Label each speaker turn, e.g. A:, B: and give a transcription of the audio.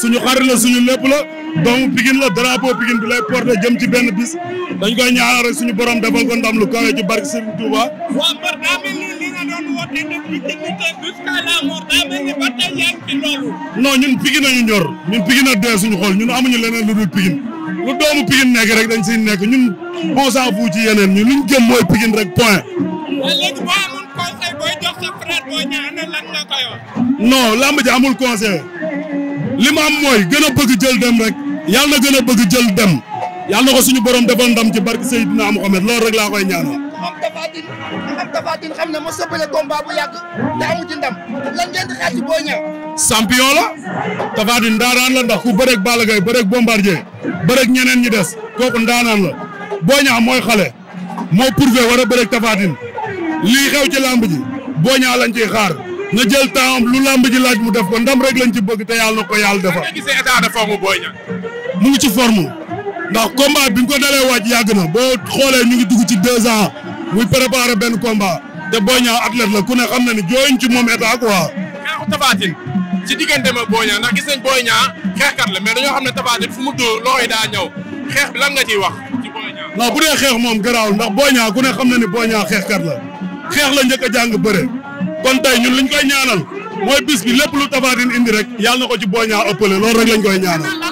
A: suñu xarit la suñu lépp la doomu Pikine la drapeau Pikine bi lay porté jëm ci benn bis dañ koy ñaanal rek suñu borom defal ko ndam lu kawe ci barke Serigne Touba doon woote depuis député jusqu'à la mort daa ñun Pikine nañu ñun Pikine na doy suñu xol ñun amuñu leneen lu dul Pikine lu doomu Pikine nekk rek dañ siy nekk ñun on s'en ci yeneen ñun luñ ñu mooy Pikine rek point. léegi boo amul conseil booy jox sa frère boo ñaanal lan nga koy wax. non lamb ji amul conseil li ma am mooy gën a bëgg jël dem rek yàlla na gën bëgg jël dem yàlla na ko suñu borom defal ndam ci barke Seydina Mohamed loolu rek laa koy ñaanal. moom Tapha Tine am Tapha xam ne ma sëppale combat bu yàgg te amu ci ndam lan ngeen di xaar la Tapha Tine ndaanaan la ndax ku bëreeg Balla Gaye bëreeg Bombardier bëreeg ñeneen ñi des kooku ndaanaan la Boy Niang mooy xale moo prouvé war a bëreeg Tapha Tine lii xew ci lamb ji Boy Niang lañ ciy xaar na jël temps lu lamb ji laaj mu def ko ndam rek lañ ci bëgg te yal na ko yàlla defal. nga gisee état de mu ngi ci forme ndax combat bi nga ko dalee waaj yàgg na boo xoolee ñu ngi dugg ci deux ans muy préparer benn combat te Boy Niang la ku ne xam na ni jooyuñ ci moom état quoi. xeexu Tapha ci diggante ma Boy Niang ndax gis nañ Boy Niang xeexkat la mais dañoo xam ne Tapha Tine fu mu dóor loxo yi daa ñëw xeex bi lan nga ciy wax ci Boy Niang. dee xeex moom garaawul ndax Boy Niang ku ne xam na ni Boy Niang xeexkat la xeex la njëkk a jàng bëre kon tey ñun liñ koy ñaanal mooy bis bi lépp lu Tapha Tine indi rek yàlla na ko ci Boy Niang ëppale loolu rek lañ koy ñaanal.